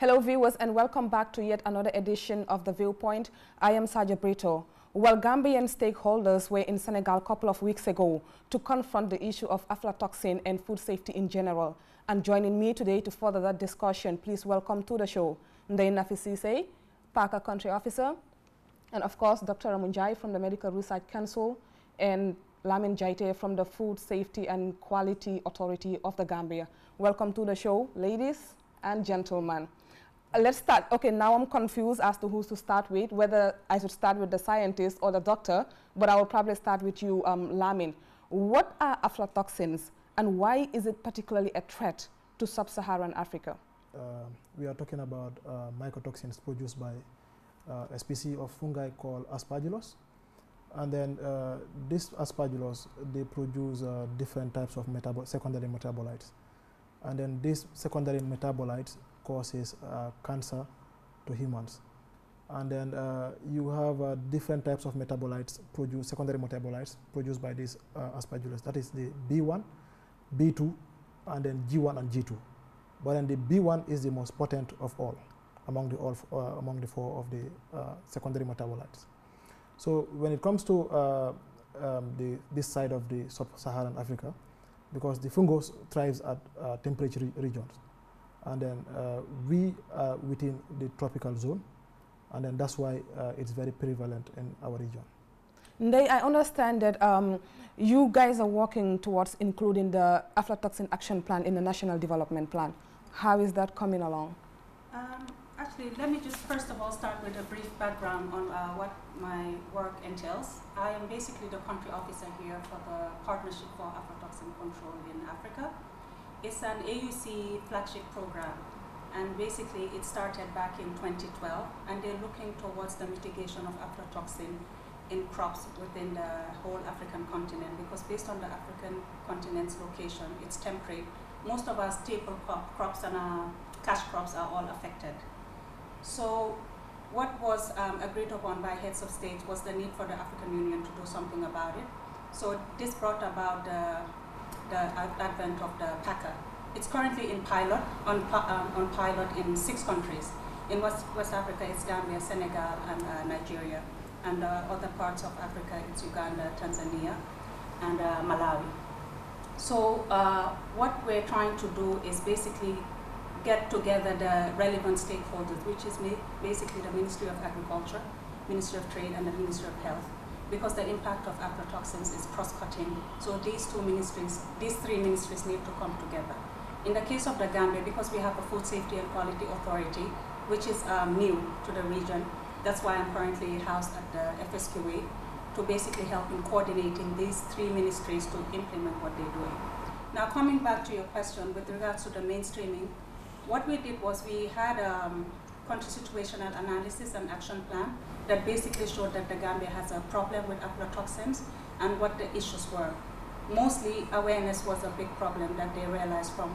Hello viewers and welcome back to yet another edition of The Viewpoint. I am Saja Brito. While well, Gambian stakeholders were in Senegal a couple of weeks ago to confront the issue of aflatoxin and food safety in general. And joining me today to further that discussion, please welcome to the show Ndeye Nafi Parker Country Officer, and of course Dr. Ramunjai from the Medical Research Council and Lamin Jaite from the Food Safety and Quality Authority of the Gambia. Welcome to the show, ladies and gentlemen. Uh, let's start. Okay, now I'm confused as to who to start with, whether I should start with the scientist or the doctor, but I will probably start with you, um, Lamin. What are aflatoxins and why is it particularly a threat to sub-Saharan Africa? Uh, we are talking about uh, mycotoxins produced by uh, a species of fungi called aspergillus. And then uh, these aspergillus, they produce uh, different types of secondary metabolites. And then these secondary metabolites causes uh, cancer to humans. And then uh, you have uh, different types of metabolites produced, secondary metabolites produced by this aspergillus. That is the B1, B2, and then G1 and G2. But then the B1 is the most potent of all among the, all, uh, among the four of the uh, secondary metabolites. So when it comes to uh, um, the, this side of the sub-Saharan Africa, because the fungus thrives at temperature re regions, and then uh, we are within the tropical zone, and then that's why uh, it's very prevalent in our region. They, I understand that um, you guys are working towards including the aflatoxin action plan in the national development plan. How is that coming along? Um, actually, let me just first of all start with a brief background on uh, what my work entails. I am basically the country officer here for the Partnership for Aflatoxin Control in Africa. It's an AUC flagship program, and basically it started back in 2012, and they're looking towards the mitigation of aflatoxin in crops within the whole African continent, because based on the African continent's location, it's temperate. Most of our staple crop, crops and our cash crops are all affected. So what was um, agreed upon by heads of state was the need for the African Union to do something about it. So this brought about the the advent of the Packer. It's currently in pilot, on, um, on pilot in six countries. In West, West Africa, it's Gambia, Senegal, and uh, Nigeria. And uh, other parts of Africa, it's Uganda, Tanzania, and uh, Malawi. So uh, what we're trying to do is basically get together the relevant stakeholders, which is basically the Ministry of Agriculture, Ministry of Trade, and the Ministry of Health, because the impact of aflatoxins is cross-cutting. So these two ministries, these three ministries need to come together. In the case of the Gambia, because we have a Food Safety and Quality Authority, which is um, new to the region, that's why I'm currently housed at the FSQA to basically help in coordinating these three ministries to implement what they're doing. Now coming back to your question with regards to the mainstreaming, what we did was we had a um, country situational analysis and action plan that basically showed that the Gambia has a problem with aflatoxins and what the issues were. Mostly awareness was a big problem that they realized from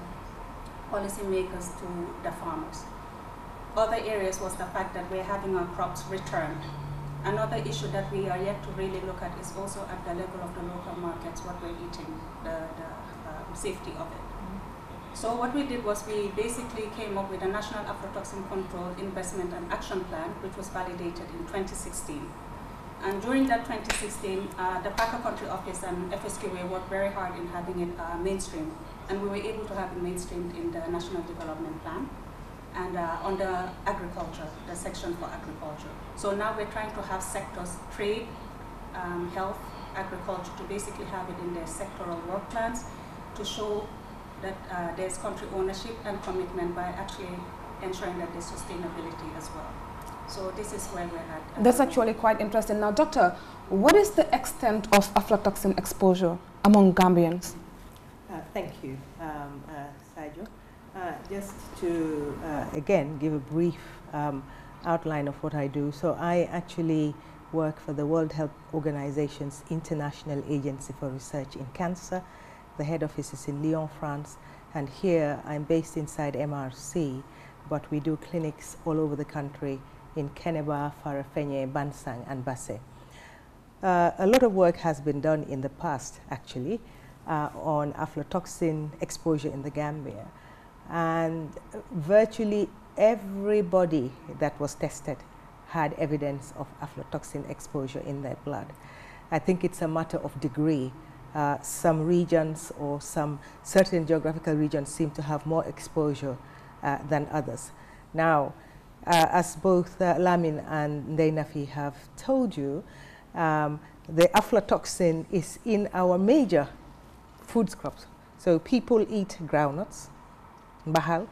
policymakers to the farmers. Other areas was the fact that we're having our crops returned. Another issue that we are yet to really look at is also at the level of the local markets, what we're eating, the, the uh, safety of it. So what we did was we basically came up with a national aflatoxin control investment and action plan, which was validated in 2016. And during that 2016, uh, the Packer country office and FSQA worked very hard in having it uh, mainstream. And we were able to have it mainstreamed in the national development plan and uh, under agriculture, the section for agriculture. So now we're trying to have sectors, trade, um, health, agriculture, to basically have it in their sectoral work plans to show that uh, there's country ownership and commitment by actually ensuring that there's sustainability as well. So this is where we're at. That's actually quite interesting. Now, Doctor, what is the extent of aflatoxin exposure among Gambians? Uh, thank you, um, uh, Uh, just to, uh, again, give a brief um, outline of what I do. So I actually work for the World Health Organization's International Agency for Research in Cancer the head office is in Lyon, France, and here I'm based inside MRC, but we do clinics all over the country in Keneba, Farafenye, Bansang, and Basse. Uh, a lot of work has been done in the past, actually, uh, on aflatoxin exposure in the Gambia. And virtually everybody that was tested had evidence of aflatoxin exposure in their blood. I think it's a matter of degree uh, some regions or some certain geographical regions seem to have more exposure uh, than others. Now, uh, as both uh, Lamin and Ndainafi have told you, um, the aflatoxin is in our major food crops. So people eat groundnuts, bahal,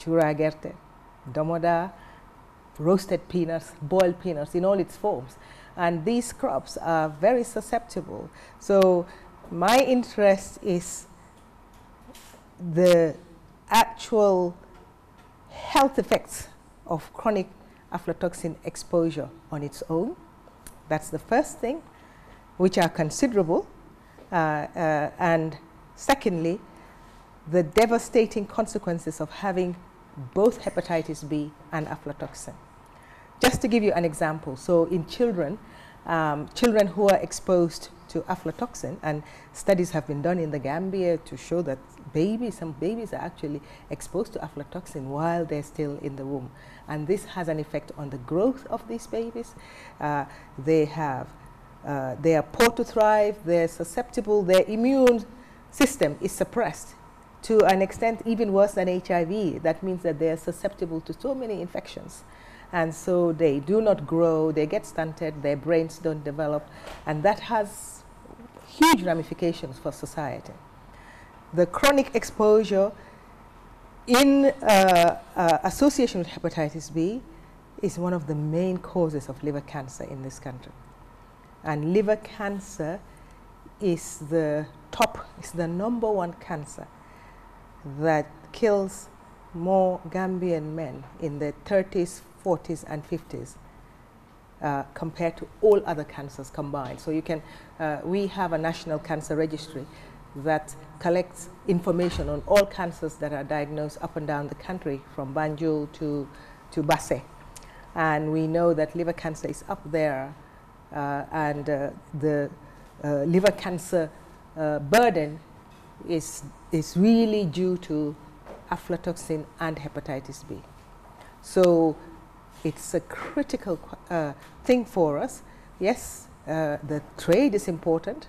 churagerte, domoda, roasted peanuts, boiled peanuts in all its forms. And these crops are very susceptible. So my interest is the actual health effects of chronic aflatoxin exposure on its own. That's the first thing, which are considerable. Uh, uh, and secondly, the devastating consequences of having both hepatitis B and aflatoxin. Just to give you an example, so in children, um, children who are exposed to aflatoxin, and studies have been done in the Gambia to show that babies, some babies are actually exposed to aflatoxin while they're still in the womb. And this has an effect on the growth of these babies. Uh, they have, uh, they are poor to thrive, they're susceptible, their immune system is suppressed to an extent even worse than HIV. That means that they are susceptible to so many infections and so they do not grow, they get stunted, their brains don't develop, and that has huge ramifications for society. The chronic exposure in uh, uh, association with hepatitis B is one of the main causes of liver cancer in this country. And liver cancer is the top, is the number one cancer that kills more Gambian men in their 30s, 40s and 50s uh, compared to all other cancers combined. So you can, uh, we have a national cancer registry that collects information on all cancers that are diagnosed up and down the country from Banjul to, to Basse. And we know that liver cancer is up there uh, and uh, the uh, liver cancer uh, burden is, is really due to aflatoxin and hepatitis B. So it's a critical uh, thing for us. Yes, uh, the trade is important,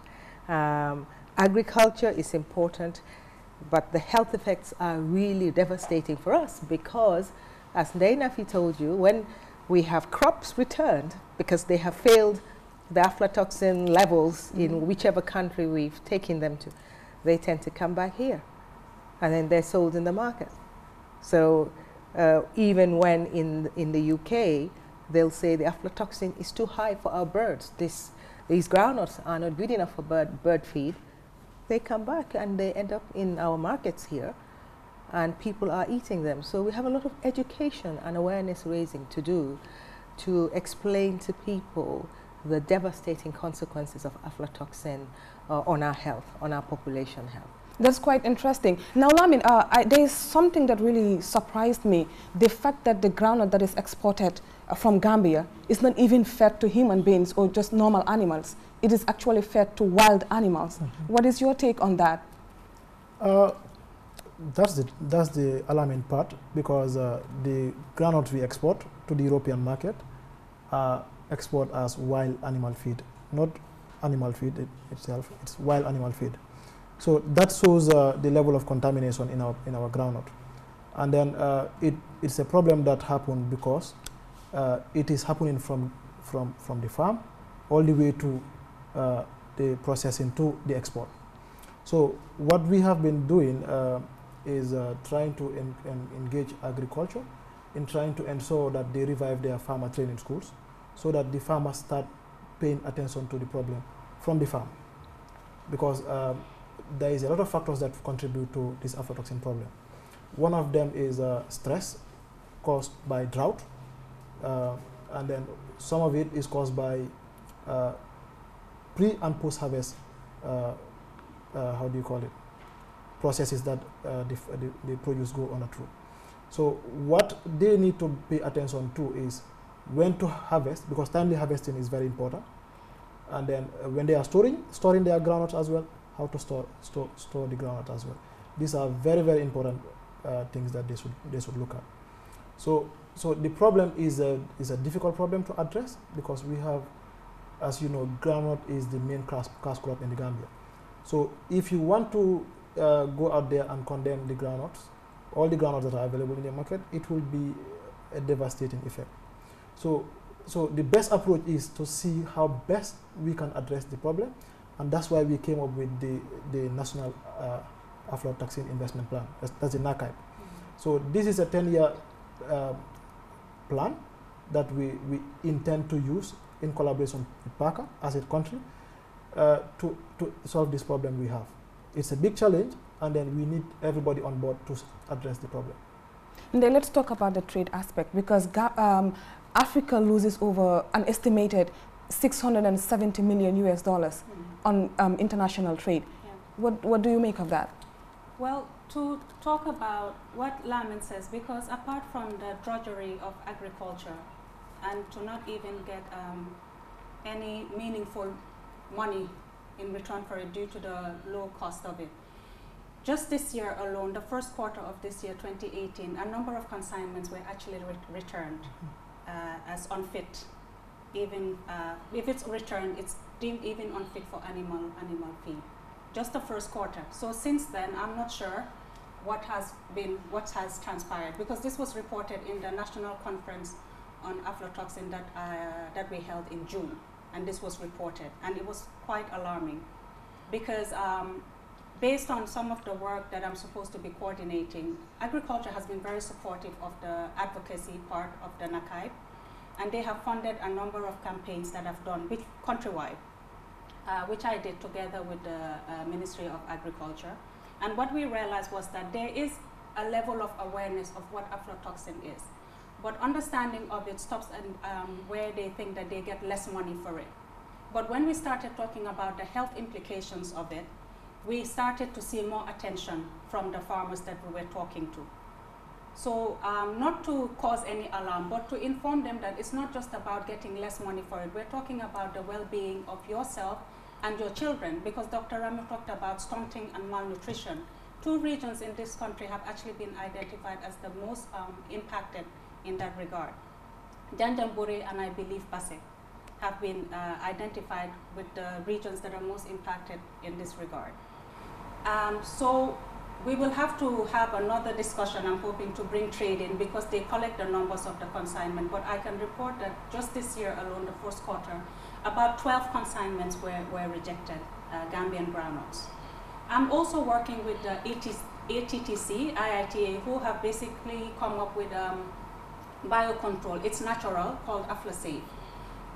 um, agriculture is important, but the health effects are really devastating for us because, as Ndainafi told you, when we have crops returned because they have failed the aflatoxin levels mm -hmm. in whichever country we've taken them to, they tend to come back here and then they're sold in the market. So uh, even when in, in the UK, they'll say the aflatoxin is too high for our birds. This, these groundnuts are not good enough for bird, bird feed. They come back and they end up in our markets here and people are eating them. So we have a lot of education and awareness raising to do to explain to people the devastating consequences of aflatoxin uh, on our health, on our population health. That's quite interesting. Now, Lamin, uh, I, there is something that really surprised me. The fact that the groundnut that is exported uh, from Gambia is not even fed to human beings or just normal animals. It is actually fed to wild animals. Mm -hmm. What is your take on that? Uh, that's, the, that's the alarming part because uh, the groundnut we export to the European market are uh, export as wild animal feed, not animal feed it itself, it's wild animal feed. So that shows uh, the level of contamination in our, in our groundnut. And then uh, it, it's a problem that happened because uh, it is happening from, from, from the farm all the way to uh, the processing to the export. So what we have been doing uh, is uh, trying to en en engage agriculture in trying to ensure that they revive their farmer training schools so that the farmers start paying attention to the problem from the farm. Because um, there is a lot of factors that contribute to this aflatoxin problem. One of them is uh, stress caused by drought, uh, and then some of it is caused by uh, pre and post harvest, uh, uh, how do you call it, processes that uh, the, the, the, produce go on through. So what they need to pay attention to is when to harvest, because timely harvesting is very important, and then when they are storing, storing their groundnuts as well, how to store store, store the groundnut as well. These are very very important uh, things that they should they should look at. So so the problem is a is a difficult problem to address because we have, as you know, groundnut is the main cash, cash crop in the Gambia. So if you want to uh, go out there and condemn the groundnuts, all the groundnuts that are available in the market, it will be a devastating effect. So so the best approach is to see how best we can address the problem and that's why we came up with the, the National uh, Aflatoxin Investment Plan. That's, that's the NACIP. Mm -hmm. So this is a 10-year uh, plan that we, we intend to use in collaboration with PACA as a country uh, to, to solve this problem we have. It's a big challenge, and then we need everybody on board to address the problem. And then let's talk about the trade aspect, because um, Africa loses over an estimated 670 million US dollars mm on um, international trade. Yeah. What, what do you make of that? Well, to talk about what Laman says, because apart from the drudgery of agriculture and to not even get um, any meaningful money in return for it due to the low cost of it, just this year alone, the first quarter of this year, 2018, a number of consignments were actually re returned mm-hmm. uh, as unfit. Even uh, if it's returned, it's deemed even unfit for animal animal feed. Just the first quarter. So since then, I'm not sure what has been what has transpired because this was reported in the national conference on aflatoxin that uh, that we held in June, and this was reported, and it was quite alarming because. Um, based on some of the work that I'm supposed to be coordinating, agriculture has been very supportive of the advocacy part of the NACAIP and they have funded a number of campaigns that I've done countrywide, uh, which I did together with the uh, Ministry of Agriculture. And what we realized was that there is a level of awareness of what aflatoxin is, but understanding of it stops and um, where they think that they get less money for it. But when we started talking about the health implications of it, we started to see more attention from the farmers that we were talking to. So um, not to cause any alarm, but to inform them that it's not just about getting less money for it. We're talking about the well-being of yourself and your children, because Dr. Rama talked about stunting and malnutrition. Two regions in this country have actually been identified as the most um, impacted in that regard. Janjanburi and I believe Base have been uh, identified with the regions that are most impacted in this regard. Um, so we will have to have another discussion, I'm hoping, to bring trade in because they collect the numbers of the consignment. But I can report that just this year alone, the first quarter, about 12 consignments were, were rejected, uh, Gambian nuts. I'm also working with the ATTC, IITA, who have basically come up with um, biocontrol. It's natural, called Aflasave,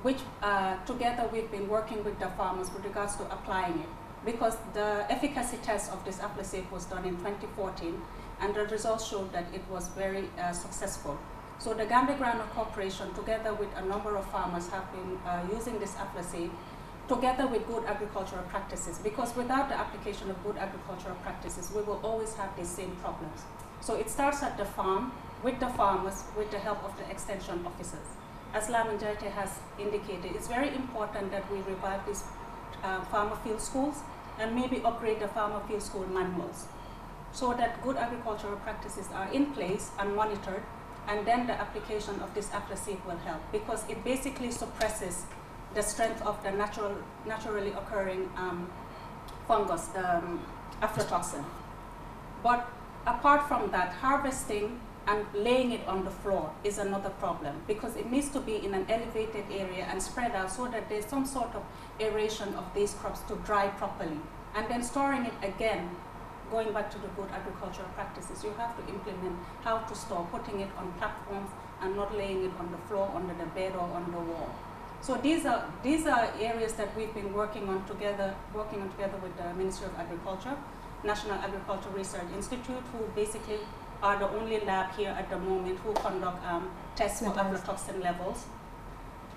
which uh, together we've been working with the farmers with regards to applying it because the efficacy test of this aflisape was done in 2014 and the results showed that it was very uh, successful. So the Gambia Granor Corporation, together with a number of farmers, have been uh, using this aflisape together with good agricultural practices because without the application of good agricultural practices, we will always have the same problems. So it starts at the farm, with the farmers, with the help of the extension officers. As Lamanjate has indicated, it's very important that we revive these uh, farmer field schools and maybe upgrade the farmer field school manuals so that good agricultural practices are in place and monitored and then the application of this afterseed will help because it basically suppresses the strength of the natural, naturally occurring um, fungus, the um, aflatoxin. But apart from that, harvesting and laying it on the floor is another problem because it needs to be in an elevated area and spread out so that there's some sort of aeration of these crops to dry properly. And then storing it again, going back to the good agricultural practices, you have to implement how to store, putting it on platforms and not laying it on the floor, under the bed or on the wall. So these are, these are areas that we've been working on together, working on together with the Ministry of Agriculture, National Agricultural Research Institute, who basically are the only lab here at the moment who conduct um, tests for aflatoxin levels.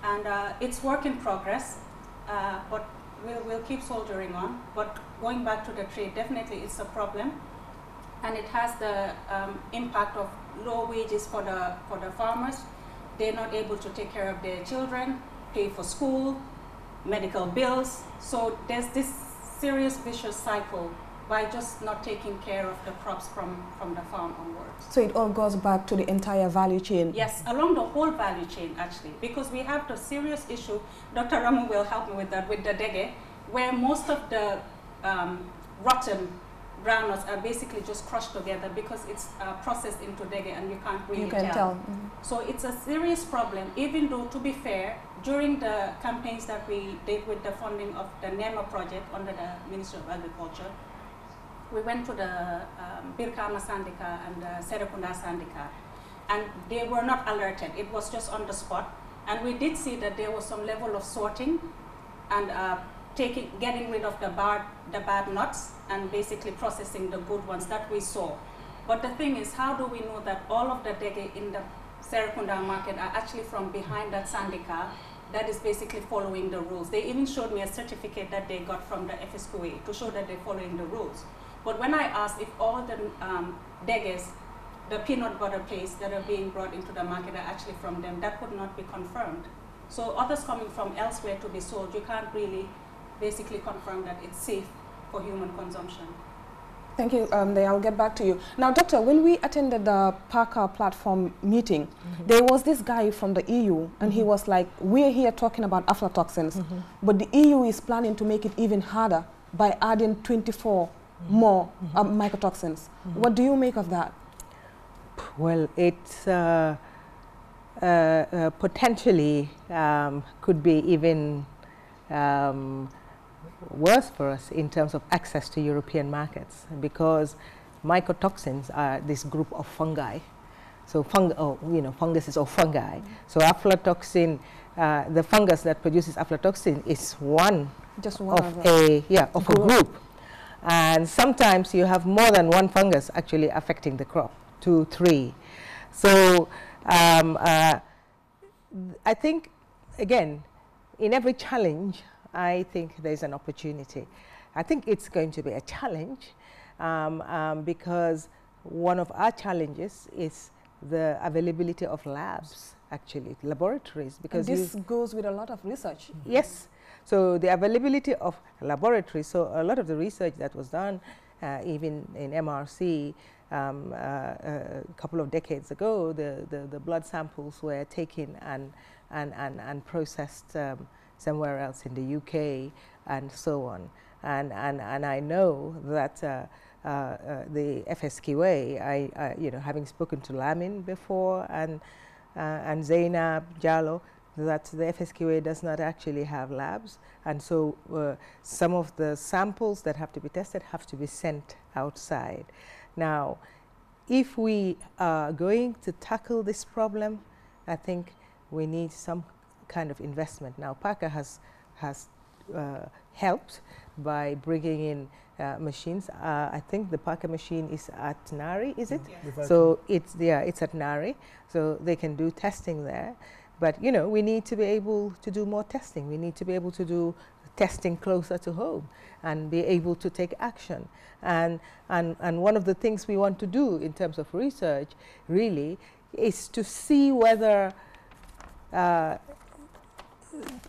And uh, it's work in progress, uh, but we'll, we'll keep soldiering on. But going back to the trade, definitely it's a problem. And it has the um, impact of low wages for the, for the farmers. They're not able to take care of their children, pay for school, medical bills. So there's this serious vicious cycle by just not taking care of the crops from, from the farm onwards. So it all goes back to the entire value chain? Yes, along the whole value chain actually, because we have the serious issue, Dr. Ramu will help me with that, with the dege, where most of the um, rotten groundnuts are basically just crushed together because it's uh, processed into dege and you can't really you can tell. tell. Mm -hmm. So it's a serious problem, even though, to be fair, during the campaigns that we did with the funding of the NEMA project under the Ministry of Agriculture, we went to the um, Birkama Sandika and the uh, Serekunda Sandika, and they were not alerted. It was just on the spot. And we did see that there was some level of sorting and uh, taking, getting rid of the bad, the bad nuts and basically processing the good ones that we saw. But the thing is, how do we know that all of the dege in the Serekunda market are actually from behind that Sandika that is basically following the rules. They even showed me a certificate that they got from the FSQA to show that they're following the rules. But when I asked if all the um, the peanut butter paste that are being brought into the market are actually from them, that could not be confirmed. So others coming from elsewhere to be sold, you can't really basically confirm that it's safe for human consumption. Thank you, um, I'll get back to you. Now, Doctor, when we attended the Parker platform meeting, mm -hmm. there was this guy from the EU, and mm -hmm. he mm-hmm. was like, we're here talking about aflatoxins, mm -hmm. but the EU is planning to make it even harder by adding 24 Mm-hmm. more uh, mycotoxins. Mm-hmm. What do you make of that? Well, it's uh, uh, uh, potentially um, could be even um, worse for us in terms of access to European markets because mycotoxins are this group of fungi. So fung oh, you know, funguses or fungi. Mm -hmm. So aflatoxin, uh, the fungus that produces aflatoxin is one, Just one of, of a yeah of group. a group and sometimes you have more than one fungus actually affecting the crop, two, three. So um, uh, I think, again, in every challenge, I think there's an opportunity. I think it's going to be a challenge um, um, because one of our challenges is the availability of labs, actually, laboratories. Because and this goes with a lot of research. Yes, so, the availability of laboratories. So, a lot of the research that was done uh, even in MRC um, uh, uh, a couple of decades ago, the, the, the, blood samples were taken and, and, and, and processed um, somewhere else in the UK and so on. And, and, and I know that uh, uh, uh the FSQA, I, I, you know, having spoken to Lamin before and, and Zainab Jallo, that the FSQA does not actually have labs and so uh, some of the samples that have to be tested have to be sent outside. Now if we are going to tackle this problem I think we need some kind of investment. Now Parker has, has uh, helped by bringing in uh, machines. Uh, I think the Parker machine is at Nari, is it? Yes. So it's yeah, it's at Nari. So they can do testing there. But you know, we need to be able to do more testing. We need to be able to do testing closer to home and be able to take action. And, and, and one of the things we want to do in terms of research really is to see whether uh,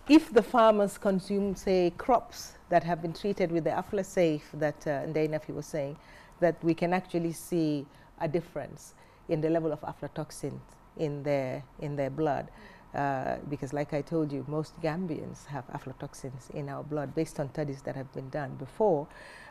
if the farmers consume, say, crops that have been treated with the aflasafe that uh, Ndainafi was saying, that we can actually see a difference in the level of aflatoxins in their, in their blood. Uh, because like I told you, most Gambians have aflatoxins in our blood based on studies that have been done before.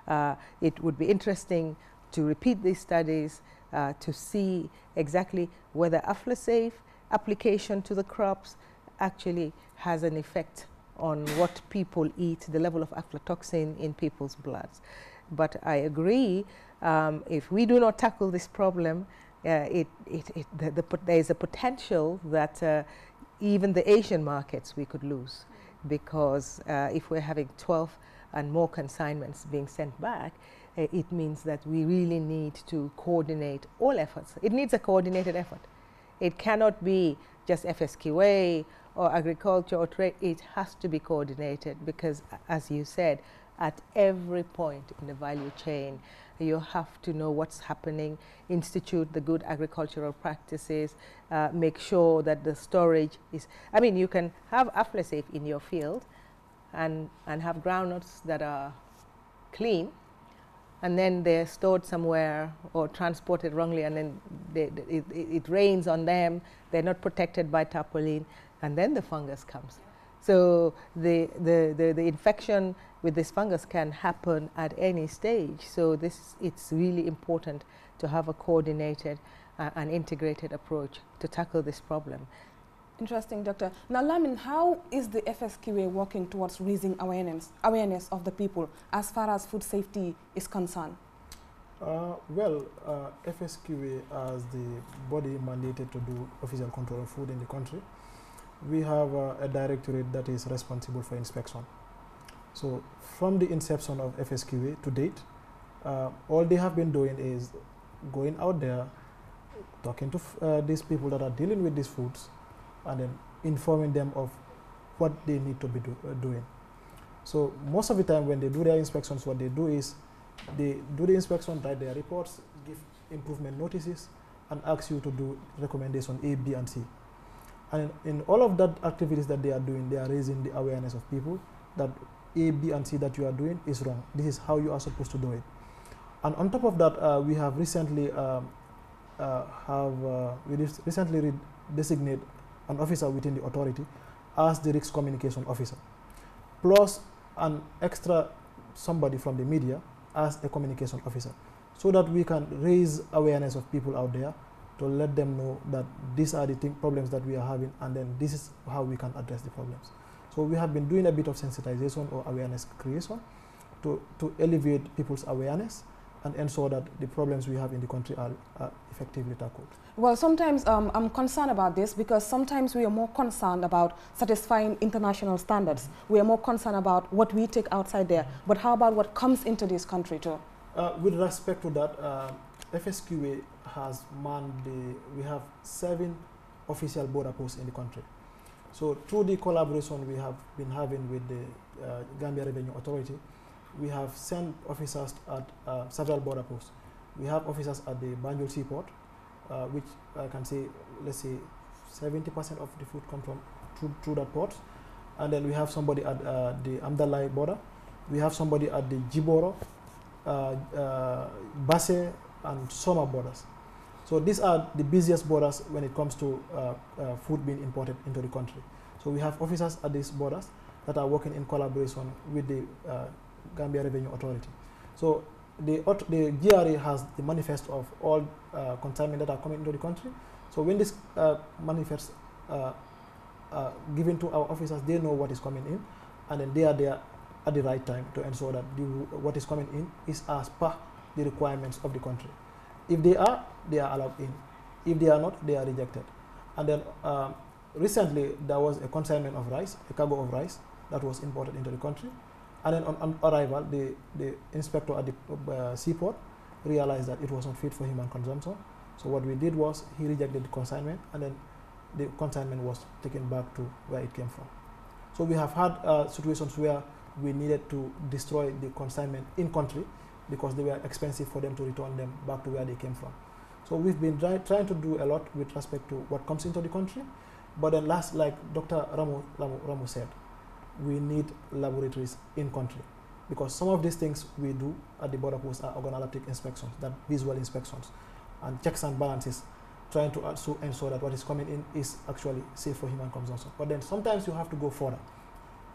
Uh, it would be interesting to repeat these studies uh, to see exactly whether aflasafe application to the crops actually has an effect on what people eat, the level of aflatoxin in people's bloods. But I agree, um, if we do not tackle this problem, uh, it, it, it, the, the, there is a potential that uh, even the Asian markets we could lose because uh, if we're having 12 and more consignments being sent back, uh, it means that we really need to coordinate all efforts. It needs a coordinated effort. It cannot be just FSQA or agriculture or trade. It has to be coordinated because, as you said, at every point in the value chain, you have to know what's happening, institute the good agricultural practices, uh, make sure that the storage is, I mean, you can have aflasafe in your field and, and have groundnuts that are clean and then they're stored somewhere or transported wrongly and then they, it, it, it rains on them, they're not protected by tarpaulin and then the fungus comes. So the, the, the, the, infection with this fungus can happen at any stage. So this, it's really important to have a coordinated uh, and integrated approach to tackle this problem. Interesting, Doctor. Now, Lamin, how is the FSQA working towards raising awareness, awareness of the people as far as food safety is concerned? Uh, well, uh, FSQA as the body mandated to do official control of food in the country we have a, a directorate that is responsible for inspection. So from the inception of FSQA to date, uh, all they have been doing is going out there, talking to uh, these people that are dealing with these foods, and then informing them of what they need to be do uh, doing. So most of the time when they do their inspections, what they do is they do the inspection, write their reports, give improvement notices, and ask you to do recommendation A, B, and C. And in, in all of that activities that they are doing, they are raising the awareness of people that A, B, and C that you are doing is wrong. This is how you are supposed to do it. And on top of that, uh, we have recently um, uh, have uh, we recently designated an officer within the authority as the risk communication officer, plus an extra somebody from the media as a communication officer, so that we can raise awareness of people out there to let them know that these are the problems that we are having and then this is how we can address the problems. So we have been doing a bit of sensitization or awareness creation to, to elevate people's awareness and ensure that the problems we have in the country are, are effectively tackled. Well, sometimes um, I'm concerned about this because sometimes we are more concerned about satisfying international standards. Mm -hmm. We are more concerned about what we take outside there, but how about what comes into this country too? Uh, with respect to that, uh, FSQA has manned the, we have seven official border posts in the country. So through the collaboration we have been having with the uh, Gambia Revenue Authority, we have sent officers at uh, several border posts. We have officers at the Banjul seaport, uh, which I can say, let's say, 70% of the food comes from through, through that port. And then we have somebody at uh, the Amdalai border. We have somebody at the Jiboro, uh, uh, Basse, and Soma borders. So these are the busiest borders when it comes to uh, uh, food being imported into the country. So we have officers at these borders that are working in collaboration with the uh, Gambia Revenue Authority. So the, the GRA has the manifest of all uh, consignment that are coming into the country. So when this uh, manifest uh, uh, given to our officers, they know what is coming in, and then they are there at the right time to ensure that the, what is coming in is as per the requirements of the country. If they are, they are allowed in. If they are not, they are rejected. And then uh, recently, there was a consignment of rice, a cargo of rice that was imported into the country. And then on, on arrival, the, the inspector at the uh, seaport realized that it was not fit for human consumption. So what we did was he rejected the consignment and then the consignment was taken back to where it came from. So we have had uh, situations where we needed to destroy the consignment in country because they were expensive for them to return them back to where they came from. So we've been try trying to do a lot with respect to what comes into the country. But then last, like Dr. Ramu, Ramu, Ramu said, we need laboratories in country because some of these things we do at the border post are organoleptic inspections, that visual inspections, and checks and balances, trying to also ensure that what is coming in is actually safe for human consumption. But then sometimes you have to go further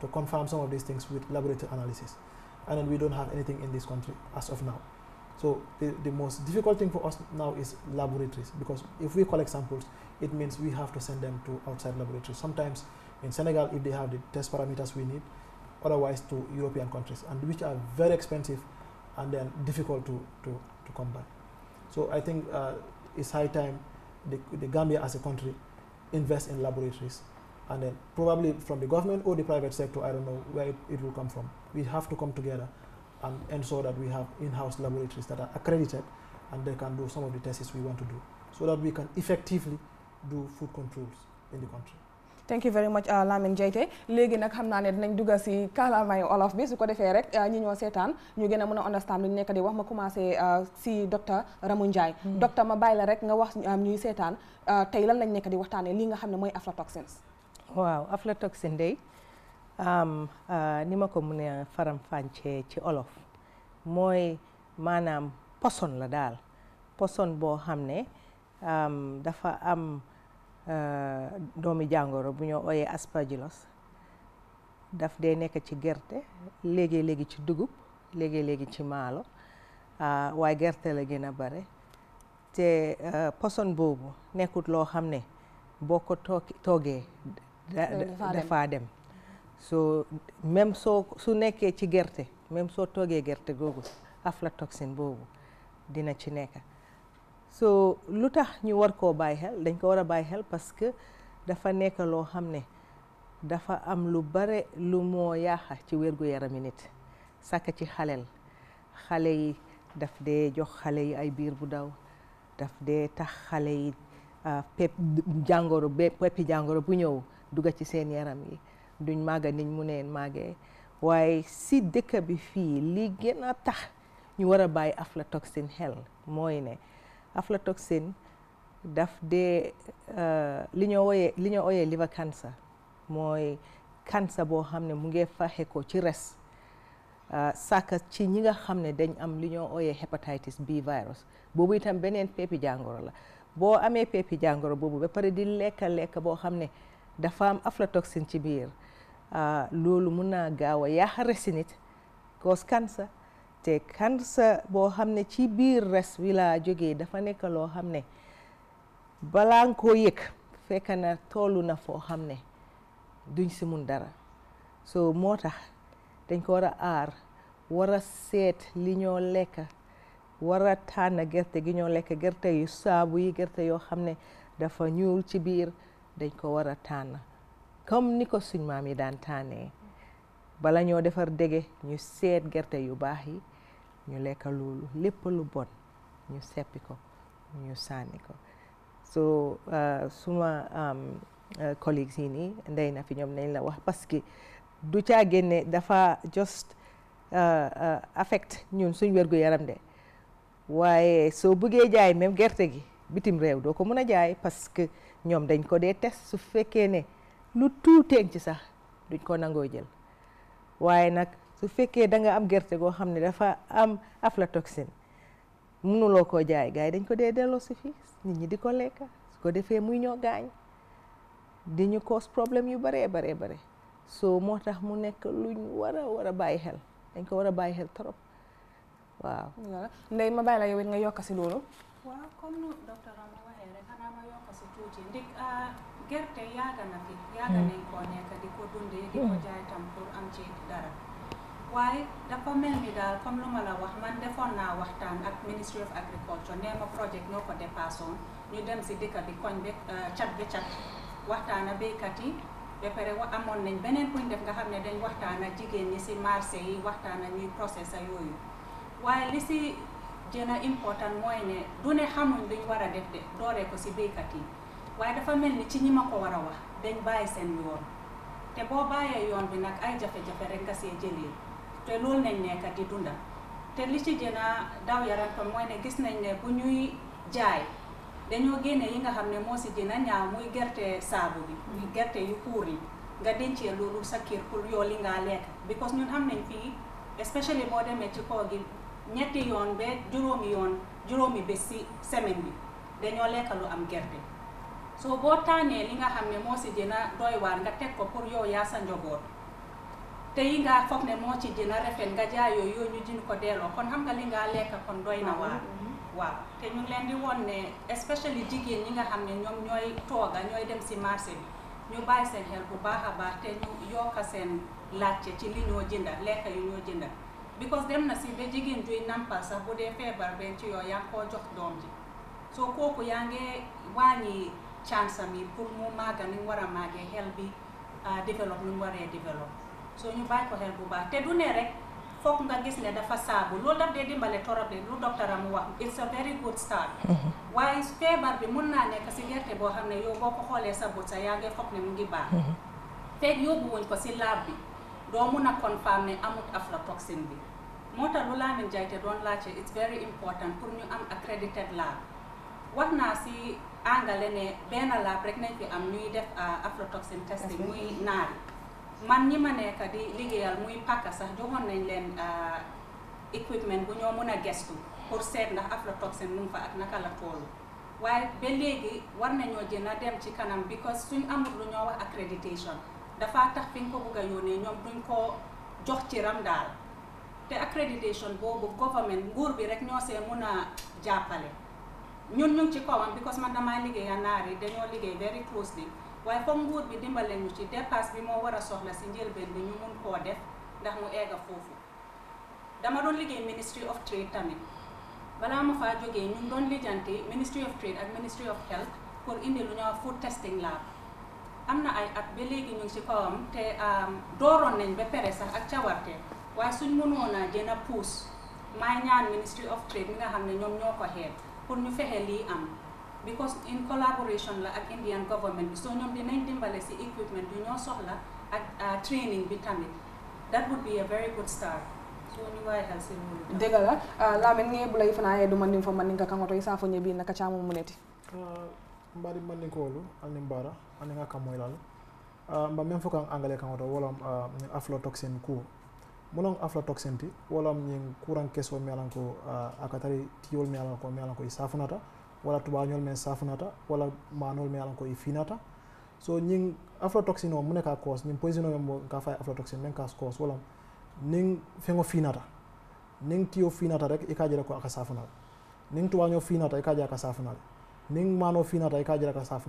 to confirm some of these things with laboratory analysis and then we don't have anything in this country as of now. So the, the most difficult thing for us now is laboratories because if we collect samples, it means we have to send them to outside laboratories. Sometimes in Senegal, if they have the test parameters we need, otherwise to European countries, and which are very expensive and then difficult to, to, to come by. So I think uh, it's high time the, the Gambia as a country invest in laboratories and then probably from the government or the private sector, I don't know where it, it will come from. We have to come together and so that we have in laboratories that are accredited and they can do some of the tests we want to do so that we can effectively do food controls in the country. thank you very much uh, Lamine Jayte léegi nag xam naa ne dinañ dugg si kàllaamay olof bi su ko defee rek uh, ñi ñoo seetaan ñu gën a mën a understand lu ñu nekk di wax ma commencé uh, si docteur Ramou Ndiaye. Hmm. docteur ma bàyyi rek nga wax um, ñuy seetaan tey lan lañ nekk di waxtaanee lii nga xam ne mooy aflatoxins. Wow, aflatoxin day. Um, uh, ah, nima ko mune faram fanche ci olof. Moy manam poson la dal. Poson bo hamne um, dafa am uh, ah, domi jangoro buñu oyé aspergillus. Daf de nek ci gerte, légué légui ci dugub, légué légui ci malo. Uh, ah, way gerte la gëna bare. Té uh, poson bobu nekut lo hamne boko toge dafaa dem so même soo su nekkee ci gerte même soo toggee gerte googu aflatoxine boobu dina ci nekk so lu tax ñu war koo bàyyi xel dañ ko war a bàyyi xel parce que dafa nekk loo xam ne dafa am lu bare lu moo yaaxa ci wér yaram yi nit sàkk ci xaleel xale yi daf dee jox xale yi ay biir bu daw daf dee tax xale yi ah, pep jàngoro peppi jàngoro bu ñëw dugga ci seen yaram yi duñ màgga niñ mu neen màggee waaye si dëkk bi fii lii gën a tax ñu war a bàyyi toxin xel mooy ne aflatoxin daf dee euh, li ñoo wooyee li ñoo wooyee liver cancer mooy cancer boo xam ne mu ngi faxe ko ci res euh, sàkka ci ñi nga xam ne dañ am li ñoo ooyee hepatitis B virus boobu itam beneen peepi jàngoro la boo amee peepi jàngoro boobu ba pare di lekka lekk boo xam ne dafa am aflatoxine ci biir ah, loolu mun naa gaaw a yaaxa resi nit cause cancer te cancer boo xam ne ci biir res wi laa jógee dafa nekk loo xam ne balaa nga yëg fekk na tollu na foo xam ne duñ si mun dara soo moo tax dañ ko war a aar war seet li ñoo lekk war a tànn gerte gi ñoo lekk gerte yu saabu yi gerte yoo xam ne dafa ñuul ci biir dañ ko war a tànn comme ni ko suñ maam yi daan tànnee bala ñoo defar dege ñu seet gerte yu baax yi ñu lekk loolu lépp lu bon ñu seppi ko ñu sànni ko so euh, suma euh, collègues yi nii ndey na fi ñoom nañ la wax parce que du caa génne dafa just euh, affect ñun suñ wérgu yaram de waaye soo bëggee jaay même gerte gi bitim réew doo ko mën a jaay parce ñoom dañ ko dee test su fekkee ne lu tuuteen ci sax duñ ko nangoo jël waaye nag su fekkee da nga am gerte goo xam ne dafa am aflatoxine mënuloo koo jaay gars dañ ko dee delloo si fii nit ñi di ko lekk su ko defee muy ñoo gaañ di ñu cause problème yu baree baree bare soo moo tax mu nekk luñ war a war a bàyyi xel dañ ko war a bàyyi xel trop waaw. ndey yokk si loolu. tuuti ndik ah, gerte yaaga na fi yaaga hmm. nañ koo nekk di ko dundee di ko hmm. jaay tam pour am ci dara waaye dafa mel ni daal comme lu ma la wax man defoon naa waxtaan ak Ministry of Agriculture nee ma projet ñoo ko dépassé ñu dem si dëkk bi koñ bi ah, cat bi cat waxtaan a béykat yi ba pare amoon nañ beneen buñ def nga xam ne dañ waxtaan ak jigéen ñi si marché yi waxtaan a ñuy processé yooyu waaye li si gën a important mooy ne du ne xamuñ luñ war a def de ko si béykat yi waaye dafa mel ni ci ñi ma ko war a wax dañ bàyyi seen yoon te boo bàyyee yoon bi nag ay jafe-jafe rek nga see jëlee te loolu nañ nekkat di dunda te li ci gën daw yaram tam mooy ne gis nañ ne bu ñuy jaay dañoo génne yi nga xam ne moo si gën a ñaaw muy gerte saabu bi muy gerte yu kuur yi nga dencee loolu sa kër pour yoo li ngaa lekk because ñun am nañ fii especially boo demee ci koo gi ñetti yoon ba juróomi yoon juróomi bés ci semaine bi dañoo lekka lu am gerte soo boo tàngee li nga xam ne moo si gën a doy waar nga teg ko pour yow yaa sa njaboot te yi nga foog ne moo ci gën a rafet nga jaayoo yoo ñu jën ko delloo kon xam nga li nga lekk kon doy na waar mm-hmm. waaw te ñu ngi leen di woon ne especially jigéen ñi nga xam ne ñoom ñooy tooga ñooy dem si marché bi ñu bàyyi seen xel bu baax a baax te ñu yokka seen laajte ci li ñoo jënda lekk yu ñoo jënda because dem na si ba jigéen juy nampa sax bu dee feebar benn ci yoo yaa jox doom ji soo chance am yi pour mu màgga ni mu war a màggee xel bi ah, développe ni mu waree développe soo ñu bàyyi ko xel bu baax te du ne rek foog nga gis ne dafa saabu loolu daf dee dimbale torop lu docteur am wax it's a very good start mm-hmm. waaye feebar bi mun naa ne nekk si gerte boo xam ne yow boo ko xoolee sa bët sa yaa ngi foog ne mu ngi baax mm-hmm. fekk yóbbu wuñ ko si laab bi doo mun a confirm ne amut aflatoxine bi moo tax lu Lamin Jaiteh doon laajte it's very important pour ñu am accredited lab wax angale ne benn laab rek nañ fi am ñuy def euh, aflatoxin testing muy naari man ñi ma nekk di liggéeyal muy pàkka sax joxoon nañ leen équipement euh, bu ñoo mën a gestu pour seet ndax aflatoxin mu ngi fa ak naka la toolu waaye ba léegi war nañoo jën a dem ci kanam because suñ amul lu ñoo wax accréditation dafa tax fi nga ko bëgg a ñoom duñ ko jox ci ram daal te accréditation boobu government nguur bi rek ñoo see mun a jàppale ñun ñu ci kawam because man damaa liggéey a naar yi dañoo liggéey very closely waaye foog nguur bi dimbale ñu ci dépasse bi moo war a soxla si njëlbeen bi ñu mun koo def ndax mu eega foofu dama doon liggéey ministry of trade tamit balaa mu faa jógee ñu doon lijjanti ministry of trade ak ministry of health pour indi lu ñoo food testing laa am na ay at ba léegi ñu ngi ci kawam te um, dooroon nañ ba pere sax ak cawarte waaye suñ mënoon a jën a puus maay ñaan ministry of trade mi nga xam ne ñoom ñoo ko xeet pour ñu fexe lii am because in collaboration la ak Indian government bi soo ñoom dinañ dimbale si equipment yu ñoo soxla ak ah, training bi tamit that would be a very good start dëgg la ah, laamin nge bula i fana ye du mandin fo mandin ka kangoto i safo ñebi naka caamu mu ah, mbari mandinkoolu alni mbara ani nga kamoy laal mba même fo kan angale kangoto wala aflo toxine court monon aflatoxin ti wala ñin kuran keso mi ko uh, akatari tiol mi alan ko mi ko i wala tubañol men safunata wala manol mi alan ko i so ñin aflatoxin o mu ne ka cause ñin poison o mo ka fay aflatoxin men ka cause wala nin fengo finata nin tiyo finata rek i ka jere ko aka safunal tubaño finata i ka jere aka safunal mano finata i ka jere aka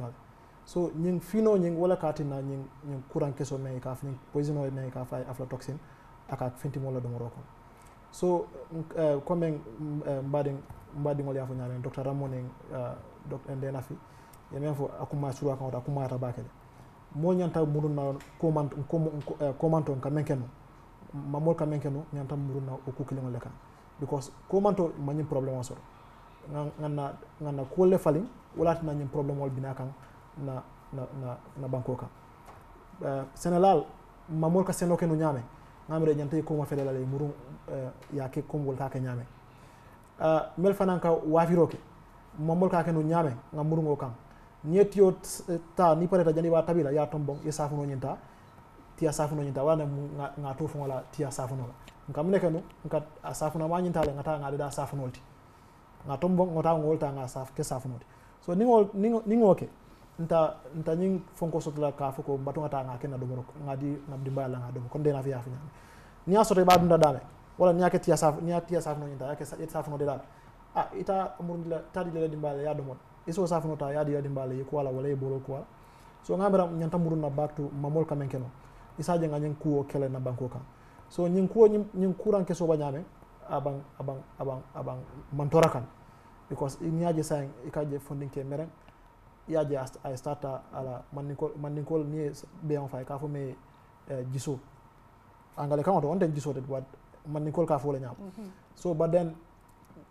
so ñin fino ñin wala katina ñin ñin kuran keso men ka ñin poison o men ka fay aflatoxin aka mola do moroko so comme commen uh, mbaɗen yafo ñamen docteur rammon en eh, uh, eh, nde nafi e min fo akuma suru kan wata ta bakel mo ñanta murunna comment comment on ka men mamol ka men nyanta ñanta na o kukile le kan because commante o mañin probléme o soto ganna ganna kolle falin walatina ñin problem wol bina kan na na na, na banko kan eh, senelal mamol ka seno ke no nyame ngamre ñanta ko ma la lay murum eh, ya ke kongol ka ke ñame ah, mel fanan ka wafiro ke mamol ka ke no ñame ngam murungo kan yo ta ni ta jani wa tabila ya tombon ya no ñinta tiya safuno ñinta na nga to fu wala tiya safuno la ngam nga kanu ngat safuno ma ñinta le ta nga da no ti nga nga ta ngol ta nga saf ke no ti so ni ningo ningo ningo ke okay nta nta ñing fonko sotla ka fo ko batonga ta nga kenna domoro nga di na di bala nga domo kon de na fiya fiya ni aso re badunda dale wala ni akati asaf ni akati asaf no nyinta yake sa yeta no de dale ah ita amurndila tadi le di bala ya domo iso saf no ta ya di ya di bala yiko wala wala bolo ko so nga mera nyanta muruna back to mamol kamen keno isaje nga ñing kuwo kele na banko kan so ñing kuo ñing kuran ke so ba nyame abang abang abang abang mantora kan because ni aje sa ikaje funding ke meren yaje ay starta ala manninkol manninkol ni ɓeyon fay ka fo me eh, jiso angale kaŋo to on ten jisode wat manninkol ka fo la nyam so but then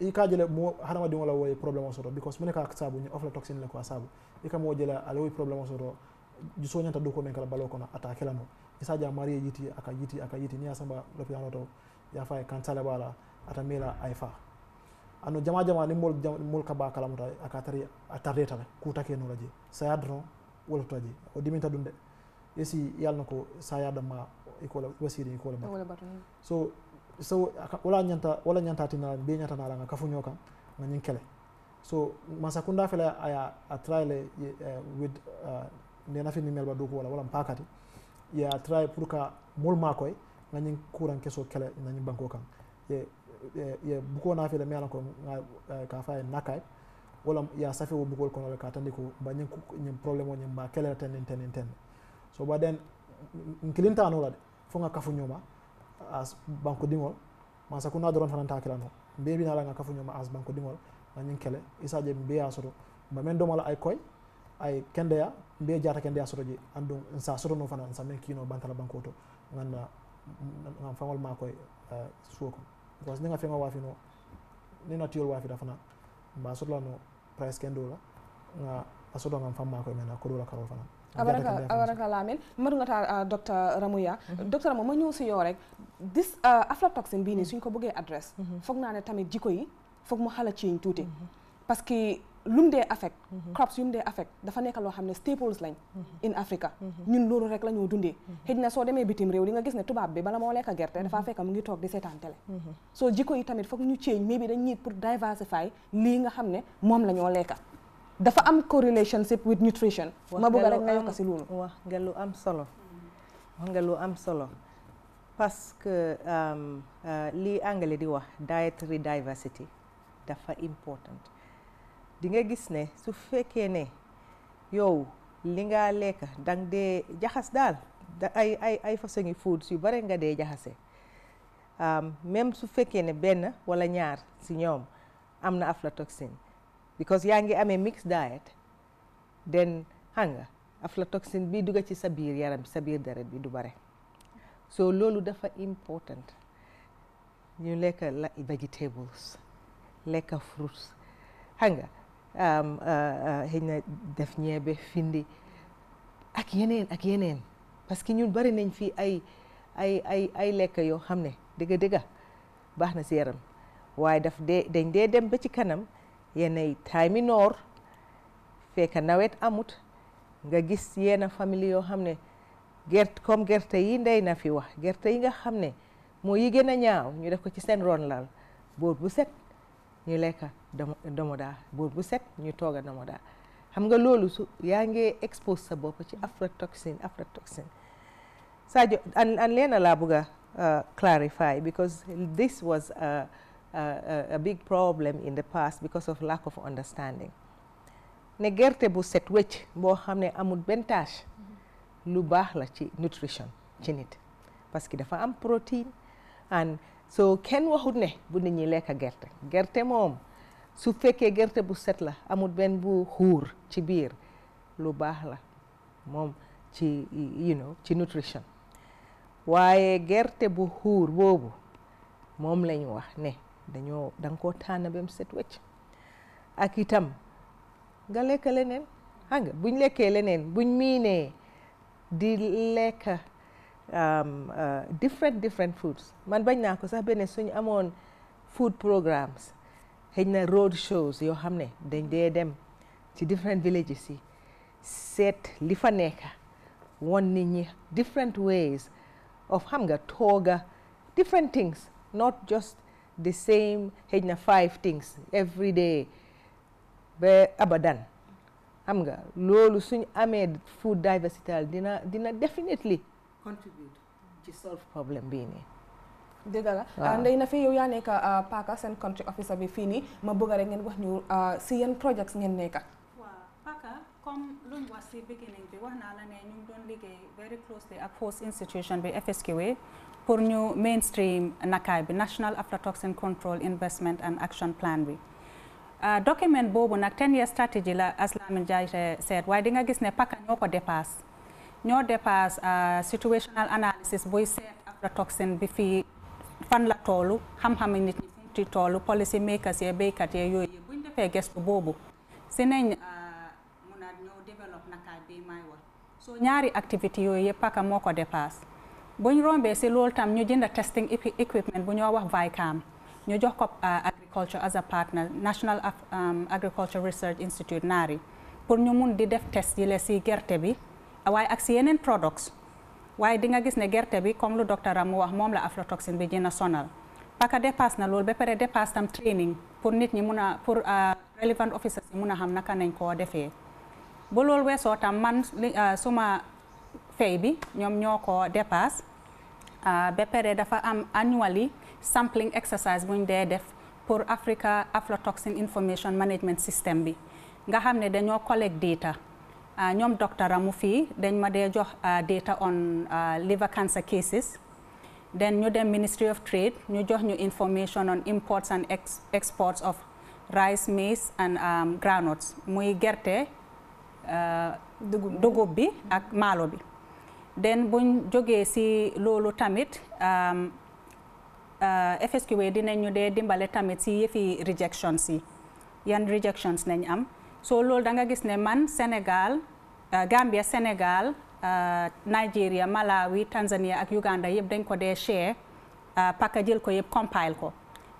i ka jele mo di wala way problem o soto because mene ka saabu ni of la toxine le ko sabu saabu i ka mo jele ala way problem o soto jiso ñanta ko men kala baloo kono ata kelano i sa ja marie yiti aka yiti aka yiti ni ye samba lopitano to ya fay kan kansale bala ata mee ay a ano jama jama ni mol mol kaba kala muta akatari atarde tala kuta ke nula je sayadro wala to je o diminta dum de yesi yalno ko sayada ma ikola wasiri ikola ba hmm. so so wala nyanta wala nyanta tina be nyanta na langa kafu kan na kele so masakunda fela aya atraile uh, eh, with uh, eh, ne ni melba doko wala wala mpakati ya try pour ka mol makoy ngin kuran keso kele ngin banko kan ye ye e bukoo naa fiida mi ala ko e, ka faye nakay walla ya safi wo bukol kono ka tandi ko ba ñin ñin probléme o ñin mba kelere tenni tenni tenne so ba den nkilintanoola de fo nga kafuñooma a banque ɗingol ma sakuna doron fananta kilano mbe wina ala nga kafuñooma as banque ɗingol ma ñin kele isaje mbiya soto ba min domola ay koy ay kendeya mbe jata kendeya soto ji andum sa sotono fana sa min kino bantala banque oto ganda gam fawol ma koye suwo kom because ninga fenga wafino nina tiyol wafita fana mba sotlano price kendola nga asoto ngam a ko mena a dola karol a abaraka abaraka lamin mbaru nga ta docteur Ramouya docteur Ramou ma mhm. ñëw si yow rek this aflatoxin bii nii mhm. suñ ko bëggee adresse mhm. foog naa ne tamit jikko yi foog mu a ciiñ tuuti lu mu dee affect mhm. crops yu mu dee affect dafa nekk loo xam ne staples lañ mhm. in Africa mhm. ñun loolu rek lañoo dundee xëj na soo demee bitim réew li nga gis ne tubaab bi bala moo lekk gerte dafaa fekk mu ngi toog di seetaan télé soo jikko yi tamit foog ñu change mais bi dañ need pour diversify lii nga xam ne moom lañoo lekka dafa am correlationship with nutrition ma bëgg rek nga yokk si loolu wax nga lu am solo wax nga am solo parce que euh, euh, lii anglais di wax dietary diversity dafa important dinga gis ne su fekkee ne yow li nga lekk dang dee jaxas daal da ay ay ay façon yi foods yu bare nga dee jaxase même su fekkee ne benn wala ñaar si ñoom am na aflatoxin because yaa ngi amee mixed diet then xam nga aflatoxin bi dugg ci sa biir yaram sa biir deret bi du bare so loolu dafa important ñu lekk la vegetables lekk fruits xam nga xëy na def ñeebe findi ak yeneen ak yeneen parce que ñun bari nañ fii ay ay ay ay lekk yoo xam ne dëgg dëgg baax na si yaram waaye daf dee dañ dee dem ba ci kanam yenn taami noor fekk nawet amut nga gis yenn famille yoo xam ne gerte comme gerte yi ndey na fi wax gerte yi nga xam ne moo yi gën a ñaaw ñu def ko ci seen ron laal boor bu set ñu lekka domoda buur bu set ñu toog a domoda xam nga loolu su yaa ngi expose sa bopp ci aflatoxine toxin Sadio an an leena laa bëgg a clarify because this was a, a, a big problem in the past because of lack of understanding ne gerte bu set wecc boo xam ne amul benn lu baax la ci nutrition ci nit parce que dafa am protéine and so kenn waxut ne bu nit ñi lekk gerte gerte moom su fekkee gerte bu set la amul benn bu xuur ci biir lu baax la moom ci you ci nutrition waaye gerte bu xuur boobu moom lañu wax ne dañoo da nga koo tànn ba mu set wecc ak itam nga lekk leneen buñ lekkee leneen buñ miinee di lekk um, uh, different different foods man bañ naa ko sax beneen suñu amoon food programmes xëy na road shows yoo xam ne dañ dee dem ci different villages yi seet li fa nekk won nit ñi different ways of xam nga tooga different things not just the same xëy na five things every day ba abadan xam nga loolu suñ amee food diversity dina dina definitely contribute ci solve problème bii nii dëgg la ah. ndey na fi yow yaa nekk ah, Paka seen country officer bi fini nii ma bëgg rek ngeen wax ñu ah, si yan projects ngeen nekk. Paka comme lu wax si beginning bi wax naa la ne ñu doon liggéey very closely ak host institution bi FSQA pour ñu mainstream nakaay bi National Aflatoxin Control Investment and Action Plan bi. document boobu nak ten year strategy la as Lamin said waaye di nga gis ne Paka ñoo dépasse ñoo dépasse situational analysis buy set aflatoxin bi fii. fan la toolu xam-xam nit toolu policy makers yee béykat yee yooyu yëpp bu ñu defee gëstu boobu si nañ ah, mun a ñëw développe naka bi may wax soo ñaari activité yooyu yëpp paka moo ko dépasse bu ñu rombee si loolu tam ñu jënd testing equipment bu ñoo wax Vicam ñu jox ko ah, agriculture as a partner National um, Agriculture Research Institute NARI pour ñu mun di def test yi la si gerte bi waaye ak si yeneen products waaye di nga gis ne gerte bi comme lu docteur am wax mom la aflatoxine bi dina sonal dépasse na lool ba paré dépasse tam training pour nit ñi mëna pour euh, relevant officers yi mëna xam naka nañ ko défé bu lool wéso tam man euh, suma fay bi ñoom ñoo ko dépasse euh, ba dafa am annually sampling exercise buñ dé def pour Africa aflatoxin information management system bi nga xamné dañoo collect data Euh, ñoom docteur fii dañ ma de jox euh, data on euh, liver cancer cases then ñu dem Ministry of Trade ñu jox ñu information on imports and exports of rice maize um, groundnuts muy gerte dugub bi ak maalo bi then buñ jógee si loolu tamit um, FSQA dinañ ñu de dimbale tamit si yëfi rejections yi yan rejections nañ am so loolu da nga gis ne man Sénégal euh, Gambia Sénégal euh, Nigeria Malawi Tanzania ak Uganda yëpp dañ ko dee share euh, paka jël ko yëpp compile ko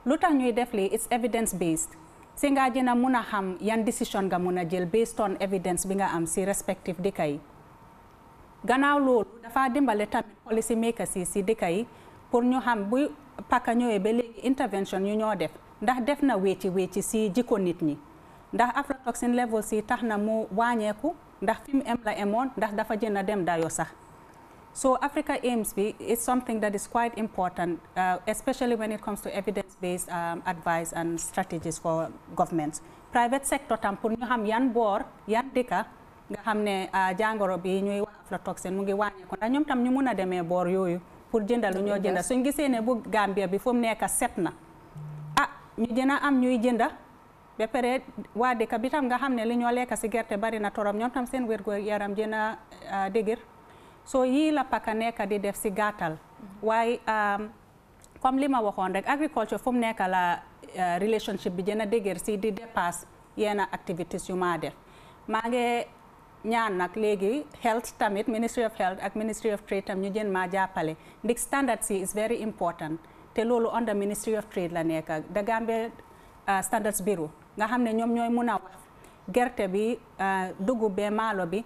lu tax ñuy def li it's evidence based si nga dina mun a xam yan décision nga mun a jël based on evidence bi nga am si respective dëkk yi gannaaw loolu dafa dimbale tamit policy makers yi si dëkk yi pour ñu xam bu paka ñëwee ba léegi intervention yu ñoo def ndax def na wécci wécci si jikko nit ñi ndax aflatoxin level si tax na mu wàññeeku ndax fi mu em la emoon ndax dafa jën a dem dayo sax so Africa aims bi is something that is quite important uh, especially when it comes to evidence based um, advice and strategies for governments private sector tam pour ñu xam yan boor yan dëkka nga xam ne uh, jàngoro bi ñuy wax aflatoxin mu ngi wàññeeku ndax ñoom tam ñu mun a demee boor yooyu pour jënda lu ñoo jënda suñ gisee ne bu Gambia bi fu mu nekk set na ah ñu jën a am ñuy jënda ba waa dëkk bi tam nga xam ne li ñoo lekk si gerte bari na torop ñoom tam seen wérgu yaram jën a dëgër soo yii la paka nekk di def si gàttal waaye comme li ma waxoon rek agriculture fu mu nekk la relationship bi jën a dëgër si di dépasse yenn activités yu ma def maa ñaan nag léegi health tamit ministry of health ak ministry of trade tam ñu jën maa jàppale ndik standard si is important te loolu under ministry of trade la nekk da Gambia standards bureau nga xam ne ñoom ñooy mun a wax gerte bi euh, dugub bee maalo bi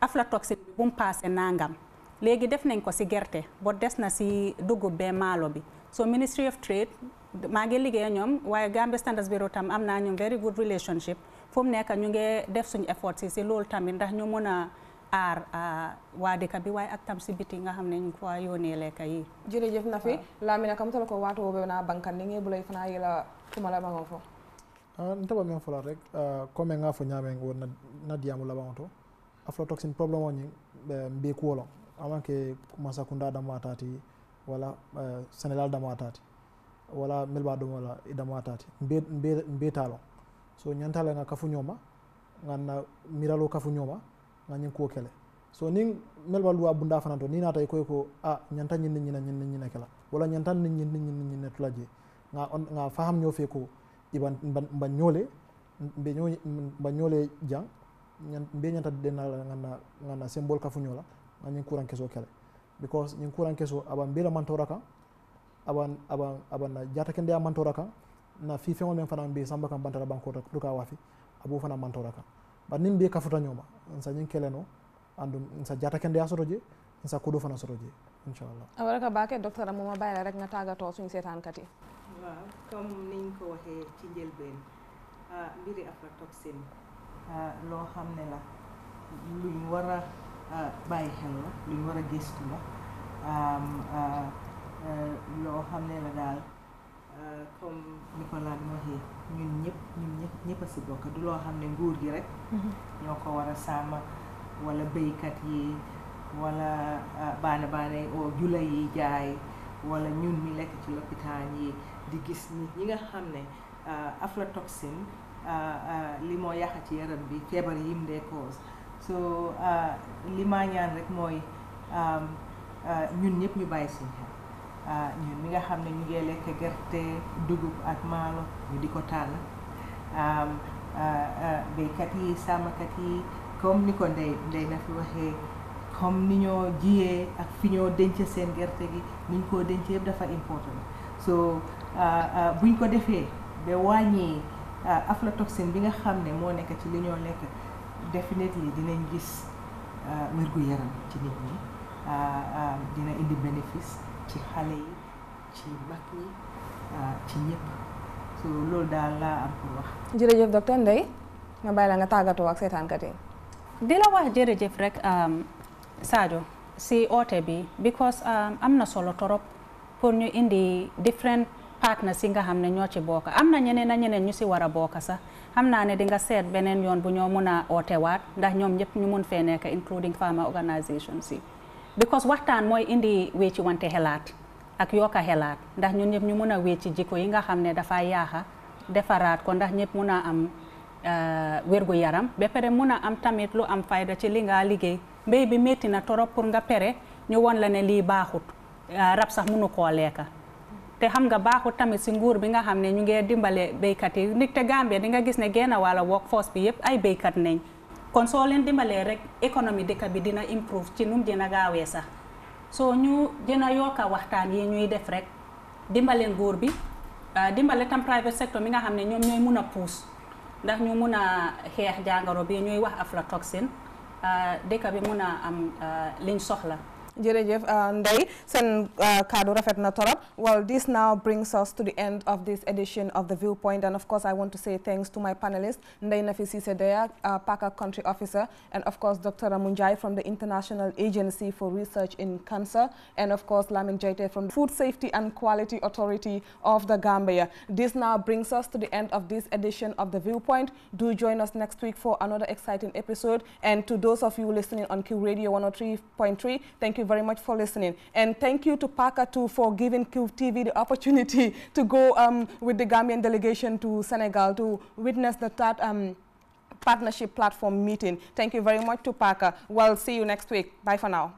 aflatoxine bi bu mu paase nangam léegi def nañ ko si gerte boo des na si dugub bee maalo bi so Ministry of Trade maa ngi liggéey ñoom waaye Gambia Standards Bureau tam am naa ñoom very good relationship fu mu nekk ñu nge def suñu effort si si loolu tamit ndax ñu mën a aar euh, a dëkk bi waaye ak tam si biti nga xam ne ñu ko yónnee lekk yi jërëjëf Nafi Lamine kam tala ko waato wo be na bankan ni ngi bulay fana yela la bango fo Ah, nte ba meŋ fola rek comme ah, ŋa fo ñaameŋ wo na diyaamu labaŋo to aflatoxin problème o ñiŋ eh, mbe kuwo loŋ amaŋ ke masakunda damaa taati wala eh, sénégal damaa taati wala melba domo la i damaa taati mbe taa loŋ so ñanta le ŋa kafuñoo ma ŋan na miraloo kafu ñooma ŋa ñiŋ kuwo kele so niŋ melba luwa bunda fanaŋ to niŋ naata i ko ko a ñanta ne ñina ñiŋ ne ke la wala ñanta ne ñiŋ tula jee ŋa faham ñoo ko iban mba nyole mbe nyole mba nyole jang nyan mbe nyanta dena ngana ngana symbol ka funyola kuran keso kele because nyin kuran keso aban bela mantora ka aban aban na jata kende ya mantora ka na fi fengol men fana mbe samba kan bantara bankota wafi abu fana mantora kan ba nin be kafuta nyoma nsa nyin kele no andum nsa jata kende ya soroje nsa kudo fana soroje inshallah awara ka bake docteur amuma rek setan kati waaw comme niñ ko waxee ci njëlbeen ah, mbiri aflatoxin ah, loo xam ne la luñ war a ah, bàyyi xel la luñ war a gëstu la eh, loo xam ne la daal comme ni ko laan waxee ñun ñëpp ñun si bokk du loo xam ne nguur gi rek mm-hmm. ñoo ko war a sàmm wala béykat yi wala baana baana yi oo jula yi jaay wala ñun mi lekk ci lopitaan yi di gis nit ñi nga xam ne euh, aflatoxine euh, euh, li moo yàqa ci yaram bi feebar yim de cause so li rek mooy ñun ñëpp ñu bàyyi si xel ñun mi nga xam ne ñu ngi lekk gerte dugub ak maalo ñu di ko tànn béykat yi sàmmkat yi comme ni ko ndey ndey na fi waxee comme ni ñoo jiyee ak fi ñoo denc seen gerte gi nuñ ñu koo denc yëpp dafa important Euh, euh, buñ ko defee ba wàññi euh, aflatoxine bi nga xam ne moo nekk ci li ñoo lekk definitely dinañ gis wér-gu-yaram ci nit ñi dina indi bénéfice ci xale yi ci mag ñi ci ñëpp so loolu daal laa am pour wax. jërëjëf docteur Ndeye nga bàyyi la nga tàggatoo ak seetaankat yi. wax jërëjëf rek um, Sadio si oote bi because um, am na solo torop pour ñu indi different. partner singa nga xam ne ñoo ci bokk am na ñeneen na ñeneen ñu si war a bokk sax xam naa ne di nga seet beneen yoon bu ñoo mun a ootewaat ndax ñoom ñëpp ñu mun fee including farmer organization si because waxtaan mooy indi wécci wante xelaat ak yokk a xelaat ndax ñun ñëpp ñu mun a wécci jikko yi nga xam ne dafa yaaxa defaraat ko ndax ñëpp mun a am eh, wérgu yaram be pare mun a am tamit lu am fayda ci li nga liggéey mbey bi metti na torop pour nga pere ñu won la ne lii baaxut eh, rab sax munu koo leeka te xam nga baaxul tamit si nguur bi nga xam ne ñu ngee dimbale béykat yi nit te Gambia di nga gis ne genn wàlla workforce bi yëpp ay béykat nañ kon soo leen dimbalee rek économie dëkk bi dina improve ci nu mu dina gaawee sax soo ñu dina yokka waxtaan yi ñuy def rek dimbale nguur bi ah, dimbale tam private sector mi nga xam ne ñoom ñooy mun a puus ndax ñu mun a xeex jàngoro bi ñuy wax aflatoxine ah, dëkk bi mun a am ah, liñ soxla jërëjëf uh, Ndai, seen uh, kaddu rafet well this now brings us to the end of this edition of the Viewpoint and of course I want to say thanks to my panelists Ndai Nafisi Cissé Deya uh, country officer and of course Dr. Ramunjai from the International Agency for Research in Cancer and of course Lamin Jaite from the Food Safety and Quality Authority of the Gambia. This now brings us to the end of this edition of the Viewpoint. Do join us next week for another exciting episode and to those of you listening on Q Radio 103.3 thank you very much for listening. And thank you to too for giving QTV the opportunity to go um, with the Gambian delegation to Senegal to witness the that um, partnership platform meeting. Thank you very much to Parker. We'll see you next week. Bye for now.